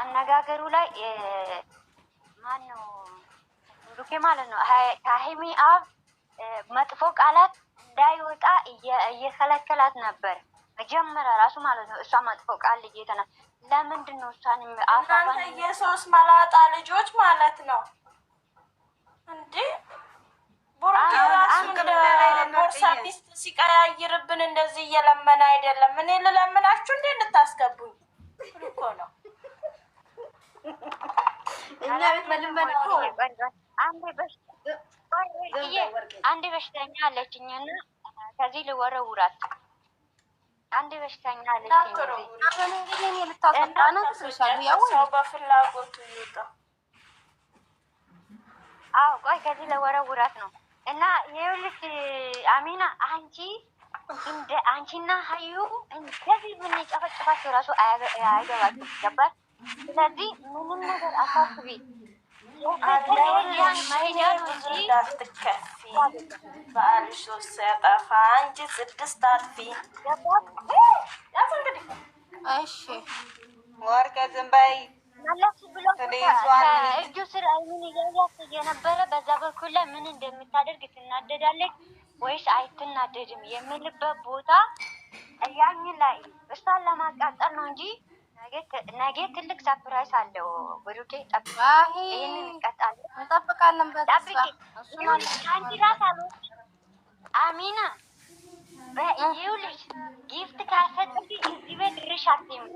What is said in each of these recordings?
አነጋገሩ ላይ ማን ነው ብሩኬ ማለት ነው ከሀይሚ አፍ መጥፎ ቃላት እንዳይወጣ እየከለከላት ነበር። መጀመሪያ ራሱ ማለት ነው እሷ መጥፎ ቃል ልጅ የተና ለምንድን ነው እሷን እናንተ የሶስት መላጣ ልጆች ማለት ነው እንዴ ራሱ ቦርሳ ሚስት ሲቀያይርብን እንደዚህ እየለመነ አይደለም። እኔ ልለምናችሁ እንዴ እንድታስገቡኝ እኮ ነው እኛ ቤት አንድ በሽተኛ አለችኝ እና ከዚህ ልወረውራት። አንድ በሽተኛ አለችኝ ቆይ ከዚህ ነው እና አሚና አንቺ እንደ አንቺና ሀዩ እንደዚህ ብንጨፈጭፋቸው ራሱ አይገባችም። ገባሽ? ስለዚህ ምንም ነገር አሳስቢ እጁ ስር አይኑን እያያት በዛ በኩል ላይ ምን እንደምታደርግ ትናደዳለች ወይስ አይትናደድም የምልበት ቦታ ላይ እሷን ለማቃጠር ነው እንጂ ነገ ትልቅ ሰርፕራይዝ አለው። ብሩኬ ይህንን እንቀጣለን፣ አሚና ጊፍት ካልሰጠሽ እዚህ ቤት ድርሽ ነው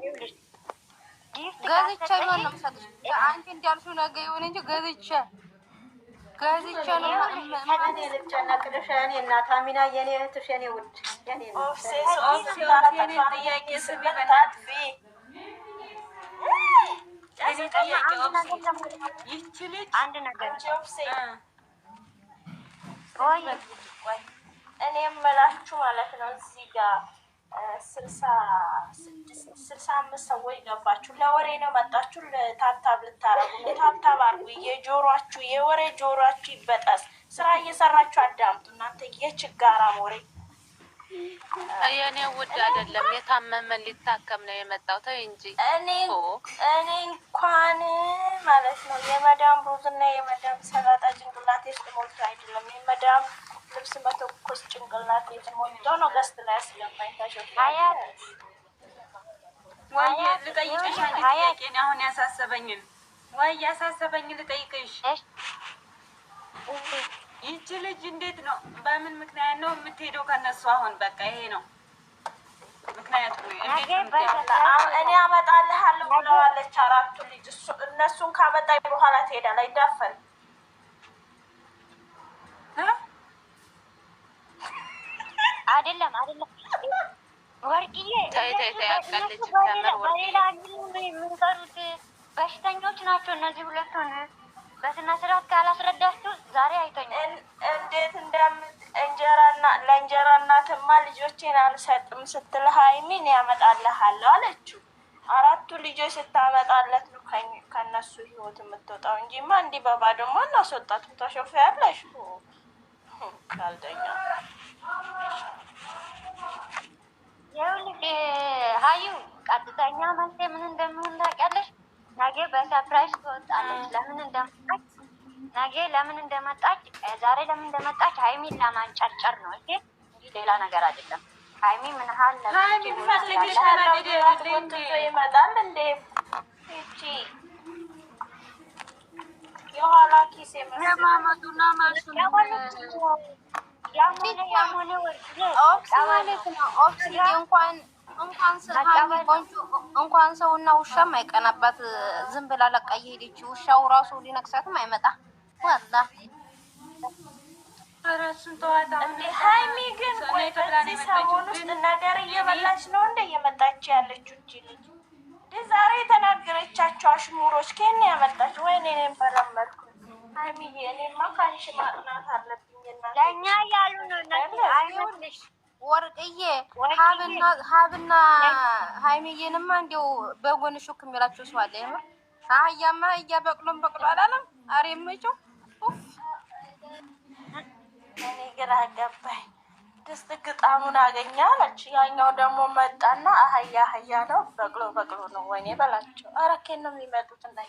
የምሰጥሽ። አንቺ እንዳልሽው ነገ ይሁን እንጂ ነው ልጨነቅልሽ። የእኔ እናት አሚና፣ የእኔ እህትሽ፣ የእኔ እኔ የምላችሁ ማለት ነው እዚህ ጋር ስልሳ ስድስት ስልሳ አምስት ሰዎች ገባችሁ። ለወሬ ነው መጣችሁ። ለታብታብ ልታረጉ ለታብታብ አርጉ። የጆሯችሁ የወሬ ጆሯችሁ ይበጠስ። ስራ እየሰራችሁ አዳምጡ። እናንተ የችጋራ ወሬ የእኔ ውድ አይደለም የታመመን ሊታከም ነው የመጣው። ተይ እንጂ እኔ እኔ እንኳን ማለት ነው የመዳም ሩዝ እና የመዳም ሰላጣ ጭንቅላቴ ውስጥ ሞልቶ አይደለም የመዳም ልብስ መተኮስ ጭንቅላቴ ሞልቶ ነው ገስት ላይ ያስገባኝ። ታሸሀያት ወይ ልጠይቅሽ ጥያቄን አሁን ያሳሰበኝን ወይ ያሳሰበኝ ልጠይቅሽ ይቺ ልጅ እንዴት ነው በምን ምክንያት ነው የምትሄደው ከነሱ? አሁን በቃ ይሄ ነው ምክንያቱ። እኔ አመጣልሃለሁ ብለዋለች አራቱ ልጅ እነሱን ካመጣኝ በኋላ ትሄዳለህ። አይዳፈን አይደለም አይደለም ወርቅዬ በሌላ የምንቀሩት በሽተኞች ናቸው እነዚህ ሁለቱን በስነ ስርዓት ካላስረዳችሁ ዛሬ አይተኛ። እንዴት እንደምት እንጀራና ለእንጀራ እናትማ ልጆቼን አልሰጥም ስትል ሀይሚን ያመጣልሃለሁ አለችው። አራቱ ልጆች ስታመጣለት ነው ከነሱ ህይወት የምትወጣው እንጂማ እንዲህ በባዶማ እናስወጣትም። ተሾፈ ያለሽ ካልተኛ ይኸውልሽ ሀዩ ቀጥተኛ መልሴ ምን እንደምሆን ታውቂያለሽ? ነገ በሰርፕራይዝ ትወጣለች። ለምን እንደመጣች ነገ ለምን እንደመጣች ዛሬ ለምን እንደመጣች ሀይሚን ለማንጨርጨር ነው እንጂ ሌላ ነገር አይደለም። ሀይሚ ምን ሀል ይመጣል እንዴ? እቺ የኋላ ኪስ የማመጡና ማሹን ያሞነ ያሞነ ወርድ ኦክስ ማለት ነው ኦክስ እንኳን እንኳን ሰው እና ውሻም አይቀናባት። ዝም ብላ ለቃ እየሄደች ውሻው ራሱ ሊነቅሳትም አይመጣ። ወላ ሀይሚ ግን ቆይ በዚህ ሰሞን ውስጥ ነገር እየበላች ነው እንደ እየመጣች ያለችው እንጂ ልጅ ዛሬ የተናገረቻቸው አሽሙሮች ከኔ ያመጣች ወይ እኔም በለመድኩ ሀይሚዬ፣ እኔማ ከአንቺ ማጥናት አለብኝና ለእኛ ያሉ ነው ወርቅዬ ሀብና ሀብና ሀይሚዬንማ እንዲው በጎን ሹክ የሚላቸው ሰው አለ። ይሄ አህያማ አህያ በቅሎም በቅሎ አላለም። አሬ የምጪው እኔ ግራ ገባኝ። ድስት ግጣሙን አገኘ አለች። ያኛው ደግሞ መጣና አህያ አህያ ነው፣ በቅሎ በቅሎ ነው። ወይኔ በላቸው። አረኬን ነው የሚመጡት እንዳይ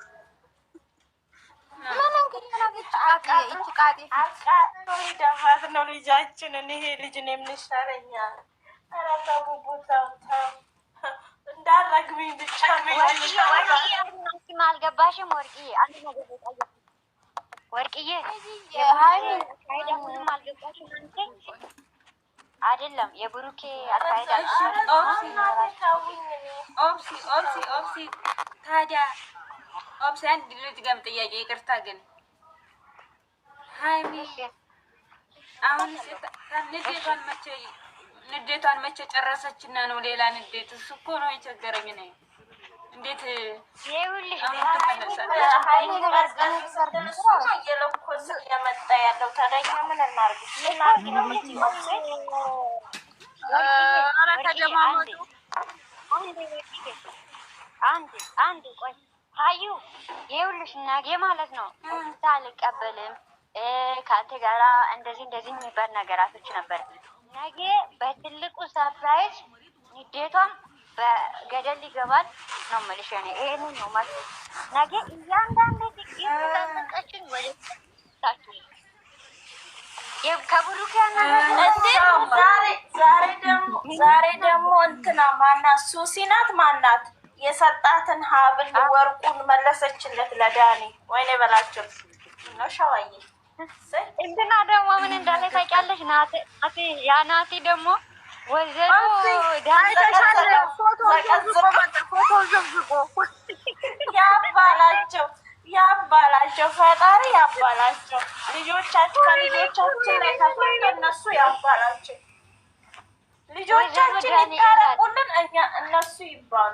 ነው ልጃችን። ይሄ ልጅ ነው ወርቅዬ ወርቅዬ ምንም አልገባሽም። አይደለም የብሩኬ አካሄድ ታዲያ ኦፕስ አንድ ልጅ ጋም ጥያቄ ይቅርታ ግን ሃይሚ አሁን ንዴቷን መቼ ንዴቷን መቼ ጨረሰችና ነው ሌላ ንዴት? እሱ እኮ ነው የቸገረኝ ነው። እንዴት አሁን ትመለሳለች? ቆይ አዩ ይኸውልሽ፣ እናጌ ማለት ነው ታ አልቀበልም ከአንተ ጋራ እንደዚህ እንደዚህ የሚባል ነገራቶች ነበር። ነገ በትልቁ ሰርፕራይዝ ንዴቷም በገደል ሊገባል ነው የምልሽ። እኔ ይሄን ነው ማለት ነገ እያንዳንዱ ትቀጠቀችን ወደ ታችሁ ዛሬ ደግሞ እንትና ማናት ሱሲ ናት ማናት የሰጣትን ሀብል ወርቁን መለሰችለት ለዳኒ። ወይኔ በላቸው ነው ሸዋዬ። እንትና ደግሞ ምን እንዳለ ታውቂያለሽ? ናቲ ያ ናቲ ደግሞ ወይዘሮ ያባላቸው ያባላቸው ፈጣሪ ያባላቸው። ልጆቻቸው ከልጆቻችን ላይ ተፈቶ እነሱ ያባላቸው። ልጆቻችን ይታረቁልን፣ እኛ እነሱ ይባሉ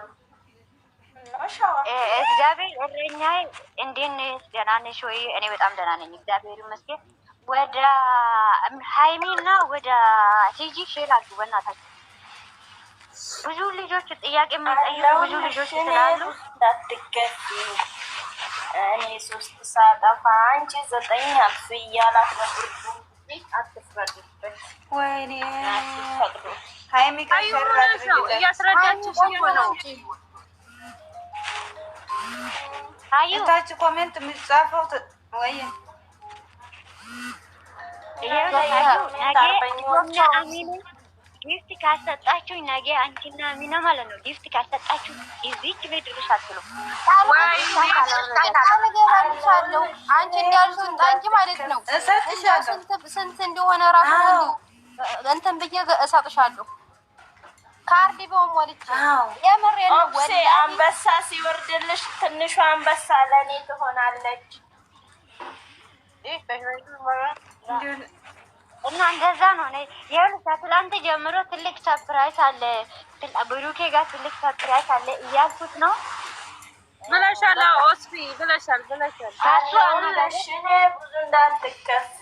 እግዚአብሔር እረኛዬ። እንዴት ነሽ? ደህና ነሽ ወይ? እኔ በጣም ደህና ነኝ፣ እግዚአብሔር ይመስገን። ወደ ሀይሚና ወደ ቲጂ ሼር አሉ። በእናታችሁ ብዙ ልጆች ጥያቄ የምጠይቁ ብዙ ልጆች ስላሉ እንዳትገፊ እኔ ሶስት ሳጠፋ አንቺ ዘጠኝ አልፍ እያላት በብርዱ አትፍረዱበት። ወይኔ ሀይሚ እያስረዳችሁ ነው ታች ኮሜንት የሚጻፈው ወይ ጊፍት ካሰጣችሁ ነገ አንቺና አሚና ማለት ነው። ጊፍት ካሰጣችሁ እዚች ቤት ድረስ አትሉ። አንቺ እንዳልሽው እንጂ ማለት ነው ስንት እንደሆነ ራሱ እንትን ብዬ እሰጥሻለሁ ካርድ በሞልቼ የምሬ አንበሳ ሲወርድልሽ ትንሹ አንበሳ ለእኔ ትሆናለች። እና እንደዛ ነው ከትላንት ጀምሮ ትልቅ ሰፕራይዝ አለ፣ ብሩኬ ጋር ትልቅ ሰፕራይዝ አለ እያልኩት ነው ብለሻል። ኦስፊ ብለሻል፣ ብለሻል። ብዙ እንዳትከፊ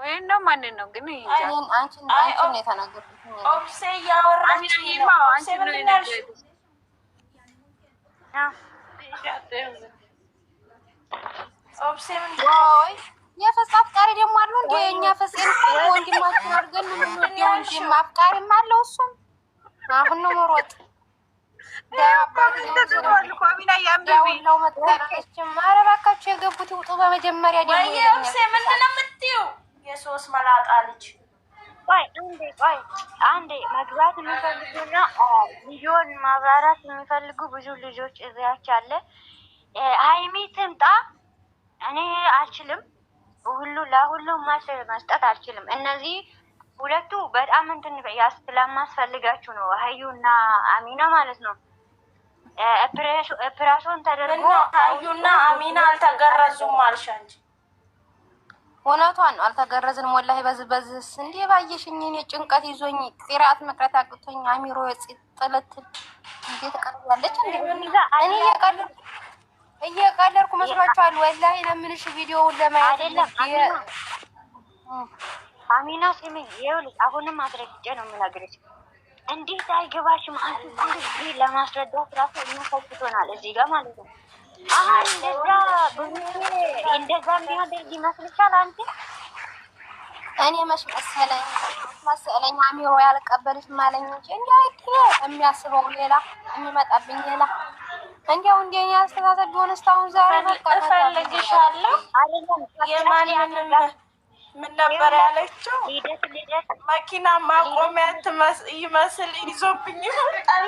ወይም ነው ማንን ነው ግን የፈስ አፍቃሪ ደግሞ አሉ እንደ እኛ ፈስ ወንድማችን አድርገን ወንድም አፍቃሪም አለው። እሱም አሁን ነው መሮጥ ዳባሁለው መጠራችም። ኧረ የገቡት ይውጡ። በመጀመሪያ ደግሞ ምንድን ነው የምትይው? የሶስት መላጣ ልጅ ቆይ አንዴ ቆይ አንዴ መግባት የሚፈልጉና ልጆን ማብራራት የሚፈልጉ ብዙ ልጆች እዚያች አለ። ሀይሚ ትምጣ። እኔ አልችልም፣ ሁሉ ለሁሉም መልስ መስጠት አልችልም። እነዚህ ሁለቱ በጣም እንትን ስለማስፈልጋችሁ ነው፣ ሀዩ እና አሚና ማለት ነው። ኦፕሬሽን ተደርጎ ሀዩና አሚና አልተገረዙም አልሻ እንጂ እውነቷን ነው። አልተገረዝንም ወላሂ። በዚህ በዚህ እንዴ ባየሽኝ እኔ ጭንቀት ይዞኝ ቅራት መቅረት አቅቶኝ አሚሮ ጥልት ጥለት እየተቀርያለች እንዴ እኔ እየቀለድኩ እየቀለድኩ መስሏቸዋል። ወላሂ ለምንሽ ቪዲዮውን ለማየት አይደለም አሚና ስሚ፣ ይኸውልሽ አሁንም አስረግጬ ነው የምነግርሽ። እንዴት አይገባሽም? አንቺ ለማስረዳት ራሱ የሚፈትቶናል እዚህ ጋር ማለት ነው አሁን እንደዛ ብሩኬ እንደዛ የሚያደርግ ይመስልሻል አንቺ? እኔ መች መሰለኝ መሰለኝ አሚሮ ያልቀበልሽም አለኝ እንጂ እንዲያው ይሄ የሚያስበው ሌላ የሚመጣብኝ ሌላ እንዲያው እንደ እኔ አስተሳሰብ ቢሆን እስካሁን ዛሬ እፈልግሻለሁ። የማንም ምን ነበር ያለችው? መኪና ማቆሚያ ይመስል ይዞብኝ ይመጣል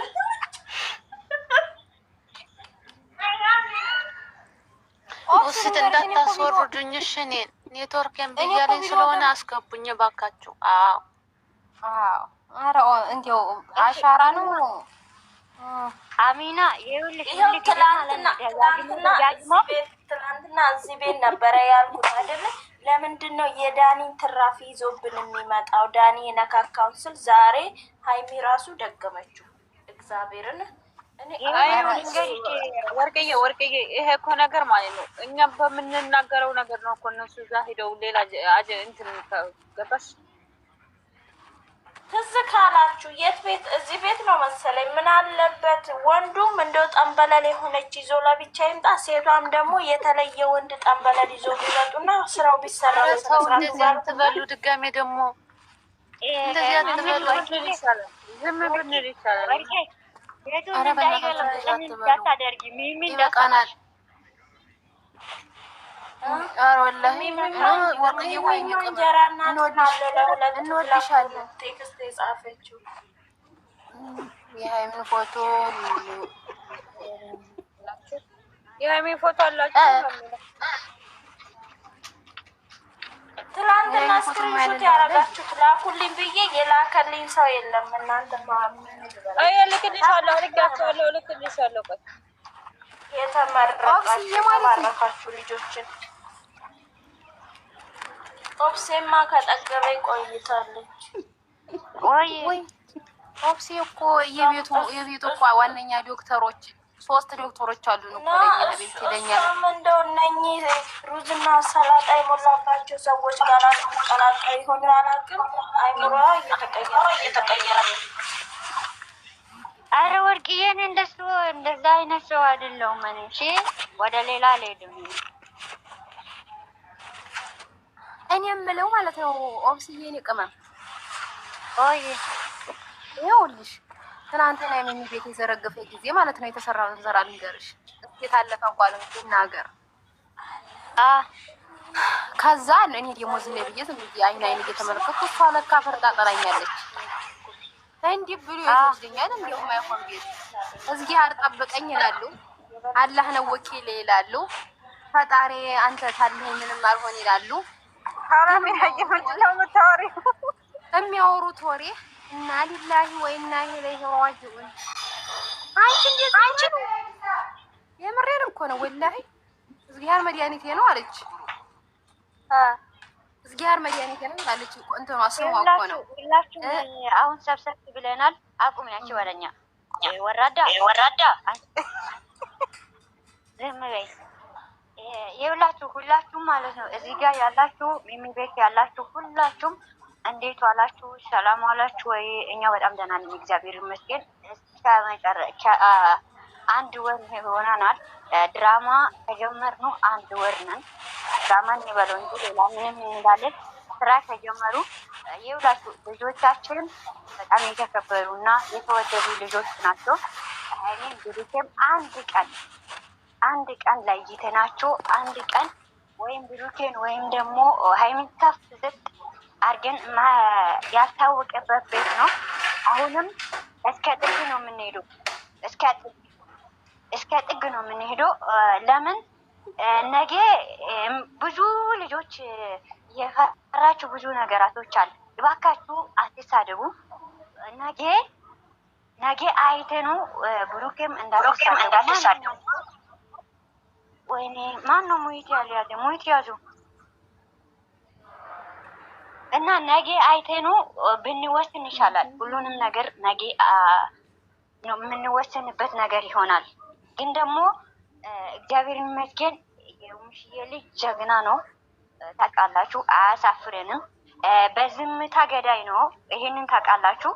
ውስጥ እንዳታስወርዱኝ እሺ። እኔን ኔትወርኬን ብያለኝ ስለሆነ አስገቡኝ እባካችሁ። አዎ ኧረ እንዲያው አሻራ ነው። አሚና ይኸውልሽ፣ ትናንትና እዚህ ቤት ነበረ ያልኩት አይደለ? ለምንድን ነው የዳኒን ትራፊ ይዞብን የሚመጣው? ዳኒ የነካካውን ስል ዛሬ ሀይሚ ራሱ ደገመችው እግዚአብሔርን ወርቅዬ ወርቅዬ ይሄ እኮ ነገር ማለት ነው፣ እኛ በምንናገረው ነገር ነው እኮ እነሱ እዛ ሄደው ሌላ እንትን ገባሽ። ትዝ ካላችሁ የት ቤት እዚህ ቤት ነው መሰለኝ። ምን አለበት ወንዱም እንደው ጠንበለል የሆነች ይዞ ለብቻ ይምጣ፣ ሴቷም ደግሞ የተለየ ወንድ ጠንበለል ይዞ ቢመጡና ስራው ቢሰራ ሰው እንደዚህ አትበሉ። ድጋሜ ደግሞ እንደዚህ አትበሉ። ዝም ብንል ይቻላል። የቱን እንዳይገለብጥ እንዳታደርጊ ሚሚ እንዳትቀናል እንወድሻለን። ቴክስት ፎቶ የሀይሚ ፎቶ አላችሁ ትናንትና ስክሪንሾት ያደረጋችሁት ላኩልኝ ብዬ የላከልኝ ሰው የለም። እናንተ ልክልሻለሁ፣ ልጋቸዋለሁ፣ ልክልሻለሁ። ቆይ የተመረቃችሁ ልጆችን ኦብሴማ ከጠገበ ቆይታለች። ቆይ ኦብሴ እኮ የቤቱ እኮ ዋነኛ ዶክተሮች ሶስት ዶክተሮች አሉ እንደው እነኚህ ሩዝና ሰላጣ የሞላባቸው ሰዎች ጋር ቀላቀል ይሆን አላውቅም። አይምሮ እየተቀየረ አረ ወርቅዬን እንደሱ እንደዛ አይነት ሰው አይደለሁም እኔ። እሺ ወደ ሌላ አልሄድም። እኔ የምለው ማለት ነው ኦብስዬን ይቅመም ይኸውልሽ ትናንት ትናንትና የሚሚ ቤት የዘረገፈ ጊዜ ማለት ነው። የተሰራው ዘራ ልንገርሽ እስኪ የታለፈ እንኳን ይናገር። ከዛ እኔ ደግሞ ዝም ብዬ ዝም ብዬ አይን አይን እየተመለከትኩ እሷ ለካ ፈርጣ ጠራኛለች። እንዲህ ብሎ ይወስደኛል። እንዲሁም አይሆን ቤት እግዚአብሔር ጠበቀኝ ይላሉ። አላህ ነው ወኪል ይላሉ። ፈጣሪ አንተ ታለህ ምንም አልሆን ይላሉ። የሚያወሩት ወሬ እና ሊላሂ ወይና ኢለይሂ ራጂዑን። አንቺ እንዴት አንቺ የምሬን እኮ ነው ወላሂ። እዝጊያር መድኃኒቴ ነው አለች። እዝጊያር መድኃኒቴ ነው አለች። እንትኗ ስሟ እኮ ነው። አሁን ሰብሰብ ብለናል። አቁም ናቸው ወለኛ ወራዳ ወራዳ ዝም በይ። የሁላችሁ ሁላችሁም ማለት ነው እዚህ ጋር ያላችሁ ሚሚ ቤት ያላችሁ ሁላችሁም እንዴት ዋላችሁ? ሰላም ዋላችሁ ወይ? እኛ በጣም ደህና ነን፣ እግዚአብሔር ይመስገን። አንድ ወር ይሆናናል ድራማ ከጀመርነው አንድ ወር ነን። ድራማ እንበለው እንጂ ሌላ ምንም እንዳለን ስራ ከጀመሩ ይውላችሁ። ልጆቻችን በጣም የተከበሩ እና የተወደዱ ልጆች ናቸው። እኔም ብሩኬም አንድ ቀን አንድ ቀን ላይ ይተናቸው አንድ ቀን ወይም ብሩኬን ወይም ደግሞ ሀይሚን ከፍ ዝቅ አድርገን ያስታወቀበት ቤት ነው። አሁንም እስከ ጥግ ነው የምንሄደው፣ እስከ ጥግ ነው የምንሄደው። ለምን ነገ ብዙ ልጆች የፈራችሁ ብዙ ነገራቶች አለ። እባካችሁ አትሳደቡ። ነገ ነገ አይተኑ ብሩኬም እንዳትሳደቡ። ወይኔ ማን ነው ሙይት ያሉ ያዘ ሙይት ያዙ እና ነገ አይተኑ ብንወስን ይሻላል። ሁሉንም ነገር ነገ የምንወስንበት ነገር ይሆናል። ግን ደግሞ እግዚአብሔር ይመስገን የሙሽዬ ልጅ ጀግና ነው። ታውቃላችሁ፣ አያሳፍረንም። በዝምታ ገዳይ ነው። ይሄንን ታውቃላችሁ።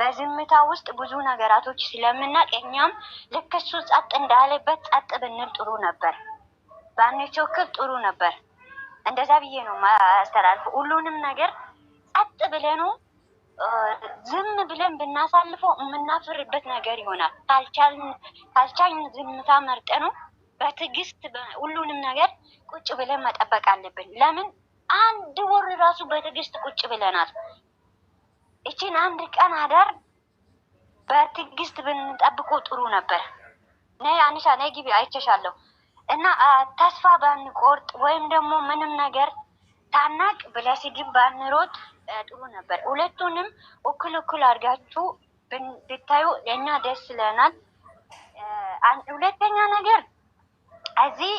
በዝምታ ውስጥ ብዙ ነገራቶች ስለምናቅ እኛም ልክ እሱ ጸጥ እንዳለበት ጸጥ ብንል ጥሩ ነበር፣ ባንቾክል ጥሩ ነበር። እንደዛ ብዬ ነው ማስተላልፈው። ሁሉንም ነገር ጸጥ ብለኑ ዝም ብለን ብናሳልፈው የምናፍርበት ነገር ይሆናል። ካልቻልን ዝምታ መርጠ ነው በትዕግስት ሁሉንም ነገር ቁጭ ብለን መጠበቅ አለብን። ለምን አንድ ወር ራሱ በትዕግስት ቁጭ ብለናል። እችን አንድ ቀን አዳር በትዕግስት ብንጠብቆ ጥሩ ነበር። ነይ አንሻ፣ ነይ ግቢ፣ አይቸሻለሁ እና ተስፋ ባንቆርጥ ወይም ደግሞ ምንም ነገር ታናቅ ብለስድብ ባንሮጥ ጥሩ ነበር። ሁለቱንም እኩል እኩል አድርጋችሁ ብታዩ ለእኛ ደስ ይለናል። ሁለተኛ ነገር እዚህ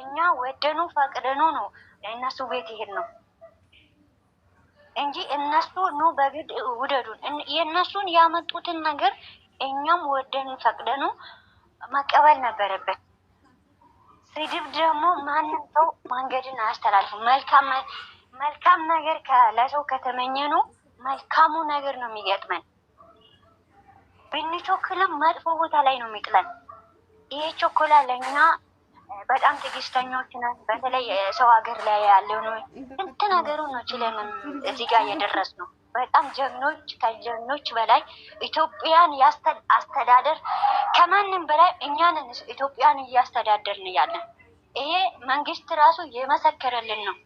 እኛ ወደኑ ፈቅደኑ ነው ለእነሱ ቤት ይሄድ ነው እንጂ እነሱ ኑ በግድ ውደዱን። የእነሱን ያመጡትን ነገር እኛም ወደኑ ፈቅደኑ መቀበል ነበረበት። ስድብ ደግሞ ማንም ሰው መንገድን አያስተላልፍም። መልካም ነገር ለሰው ከተመኘ ነው መልካሙ ነገር ነው የሚገጥመን። ብንቾክልም መጥፎ ቦታ ላይ ነው የሚጥለን። ይሄ ቾኮላ ለእኛ በጣም ትዕግስተኞች ነን። በተለይ ሰው ሀገር ላይ ያለው ነው ስንት ነገሩ ነው ችለን እዚህ ጋር እየደረስ ነው። በጣም ጀግኖች፣ ከጀግኖች በላይ ኢትዮጵያን አስተዳደር ከማንም በላይ እኛን ኢትዮጵያን እያስተዳደርን ያለን ይሄ መንግስት ራሱ የመሰከረልን ነው።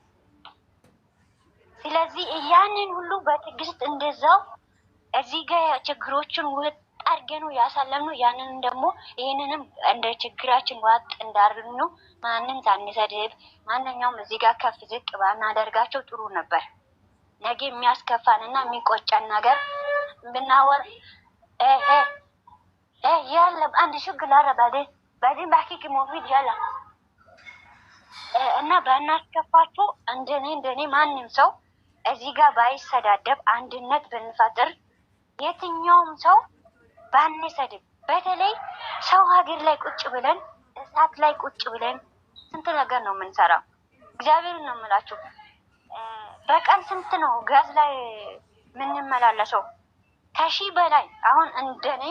ስለዚህ ያንን ሁሉ በትዕግስት እንደዛው እዚህ ጋር ችግሮችን አድርጌ ነው ያሳለፍነው። ያንንም ደግሞ ይህንንም እንደ ችግራችን ዋጥ እንዳርግ ነው ማንም ሳንሰድብ ማንኛውም እዚህ ጋር ከፍ ዝቅ ባናደርጋቸው ጥሩ ነበር። ነገ የሚያስከፋን እና የሚቆጨን ነገር ብናወር ያለ አንድ ሽግ ላረ በድን ባኪክ ሞፊድ ያለ እና ባናስከፋቸው እንደኔ እንደኔ ማንም ሰው እዚህ ጋር ባይሰዳደብ አንድነት ብንፈጥር የትኛውም ሰው ባንሰድብ፣ በተለይ ሰው ሀገር ላይ ቁጭ ብለን እሳት ላይ ቁጭ ብለን ስንት ነገር ነው የምንሰራው። እግዚአብሔርን ነው የምላችሁ። በቀን ስንት ነው ጋዝ ላይ የምንመላለሰው? ከሺህ በላይ አሁን እንደኔ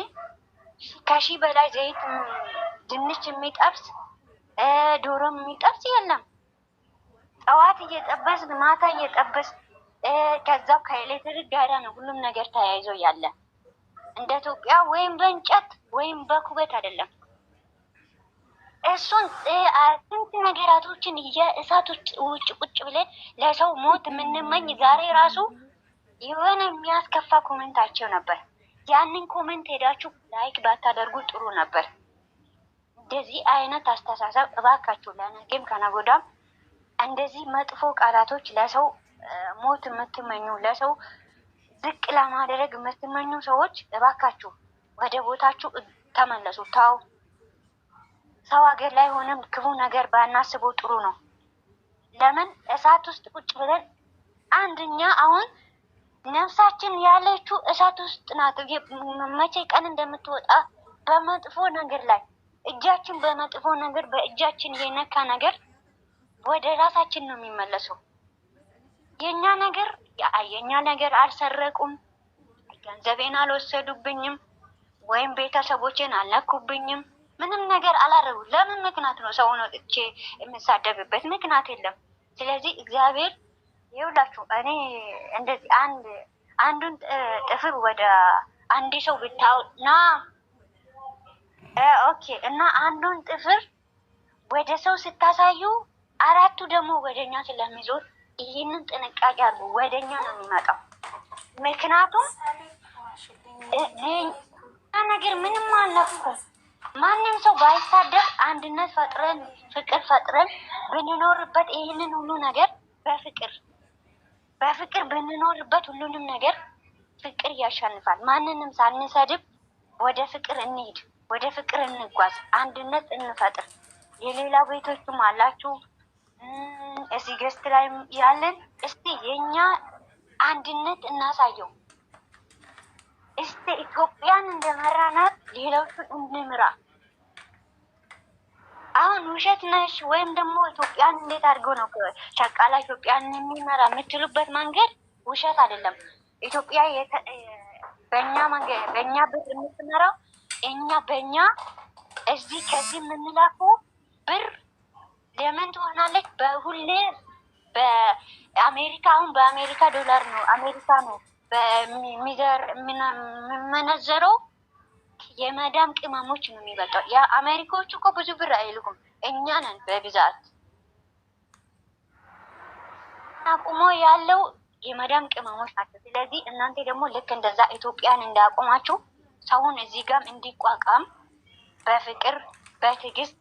ከሺህ በላይ ዘይት፣ ድንች የሚጠብስ ዶሮ የሚጠብስ የለም። ጠዋት እየጠበስ ማታ እየጠበስ ከዛው ከኤሌክትሪክ ጋር ነው ሁሉም ነገር ተያይዞ ያለ እንደ ኢትዮጵያ ወይም በእንጨት ወይም በኩበት አይደለም። እሱን ስንት ነገራቶችን የእሳት ውጭ ቁጭ ብለን ለሰው ሞት የምንመኝ ዛሬ ራሱ የሆነ የሚያስከፋ ኮመንታቸው ነበር። ያንን ኮመንት ሄዳችሁ ላይክ ባታደርጉ ጥሩ ነበር። እንደዚህ አይነት አስተሳሰብ እባካችሁ ለነገም ከነጎዳም እንደዚህ መጥፎ ቃላቶች ለሰው ሞት የምትመኙ ለሰው ዝቅ ለማድረግ የምትመኙ ሰዎች እባካችሁ ወደ ቦታችሁ ተመለሱ። ታው ሰው ሀገር ላይ ሆነም ክፉ ነገር ባናስበው ጥሩ ነው። ለምን እሳት ውስጥ ቁጭ ብለን አንድኛ አሁን ነፍሳችን ያለችው እሳት ውስጥ ናት። መቼ ቀን እንደምትወጣ በመጥፎ ነገር ላይ እጃችን በመጥፎ ነገር በእጃችን የነካ ነገር ወደ ራሳችን ነው የሚመለሰው። የእኛ ነገር የእኛ ነገር አልሰረቁም፣ ገንዘቤን አልወሰዱብኝም፣ ወይም ቤተሰቦቼን አልነኩብኝም። ምንም ነገር አላረጉ። ለምን ምክንያት ነው ሰው ነው ጥቼ የምሳደብበት ምክንያት የለም። ስለዚህ እግዚአብሔር ይውላችሁ። እኔ እንደዚህ አንድ አንዱን ጥፍር ወደ አንድ ሰው ና ኦኬ፣ እና አንዱን ጥፍር ወደ ሰው ስታሳዩ አራቱ ደግሞ ወደኛ እኛ ስለሚዞር ይህንን ጥንቃቄ አሉ ወደኛ ነው የሚመጣው። ምክንያቱም ነገር ምንም አልነኩም። ማንም ሰው ባይሳደብ አንድነት ፈጥረን ፍቅር ፈጥረን ብንኖርበት ይህንን ሁሉ ነገር በፍቅር በፍቅር ብንኖርበት ሁሉንም ነገር ፍቅር ያሸንፋል። ማንንም ሳንሰድብ ወደ ፍቅር እንሂድ፣ ወደ ፍቅር እንጓዝ፣ አንድነት እንፈጥር። የሌላ ቤቶችም አላችሁ እዚህ ገስት ላይ ያለን እስቲ የእኛ አንድነት እናሳየው። እስቲ ኢትዮጵያን እንደመራናት ሌሎቹን እንምራ። አሁን ውሸት ነሽ ወይም ደግሞ ኢትዮጵያን እንዴት አድርገው ነው ሸቃላ ኢትዮጵያን የሚመራ የምትሉበት መንገድ ውሸት አይደለም። ኢትዮጵያ በእኛ መንገድ በእኛ ብር የምትመራው እኛ በእኛ እዚህ ከዚህ የምንላፈው ብር ለምን ትሆናለች? በሁሌ በአሜሪካ አሁን በአሜሪካ ዶላር ነው አሜሪካ ነው የምመነዘረው የመዳም ቅመሞች ነው የሚበልጠው። የአሜሪካዎቹ እኮ ብዙ ብር አይልኩም፣ እኛ ነን በብዛት አቁሞ ያለው የመዳም ቅመሞች ናቸው። ስለዚህ እናንተ ደግሞ ልክ እንደዛ ኢትዮጵያን እንዳያቆማችሁ ሰውን እዚህ ጋም እንዲቋቋም በፍቅር በትዕግስት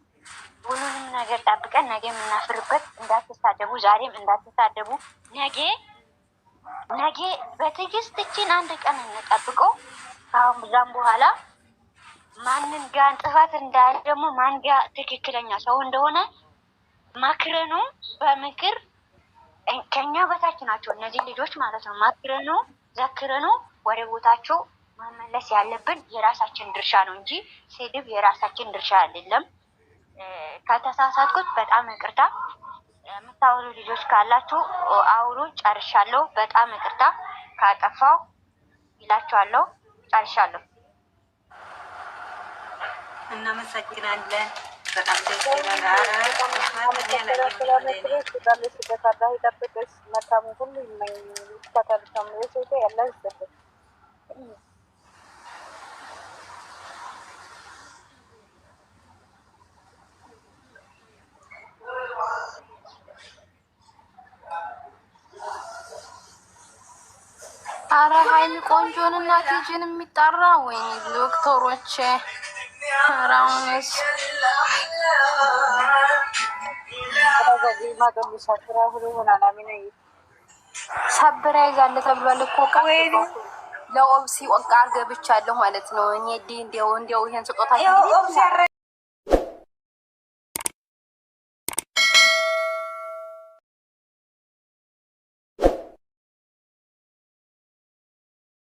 ሁሉንም ነገር ጠብቀን ነገ የምናፍርበት እንዳትሳደቡ፣ ዛሬም እንዳትሳደቡ። ነገ ነገ በትዕግስት እችን አንድ ቀን እንጠብቆ አሁን ብዛም በኋላ ማንን ጋ ጥፋት እንዳለ ደግሞ ማን ጋ ትክክለኛ ሰው እንደሆነ ማክረኑ በምክር ከኛ በታች ናቸው እነዚህ ልጆች ማለት ነው። ማክረኑ ዘክረኑ ወደ ቦታቸው መመለስ ያለብን የራሳችን ድርሻ ነው እንጂ ስድብ የራሳችን ድርሻ አይደለም። ከተሳሳትኩት በጣም ይቅርታ። የምታወሩ ልጆች ካላችሁ አውሩ። ጨርሻለሁ። በጣም ይቅርታ ካጠፋው ይላችኋለሁ። ጨርሻለሁ። እናመሰግናለን። በጣም ደስ ይላል። አረ ሀይሚ ቆንጆን እና ቲጂን የሚጠራ ወይ ዶክተሮች ራውንስ ሰብራይዝ አለ ተብሏል እኮ ለኦብሲ ወቃ አርገብቻለሁ ማለት ነው። እኔ እንዲያው እንዲያው ይሄን ስጦታ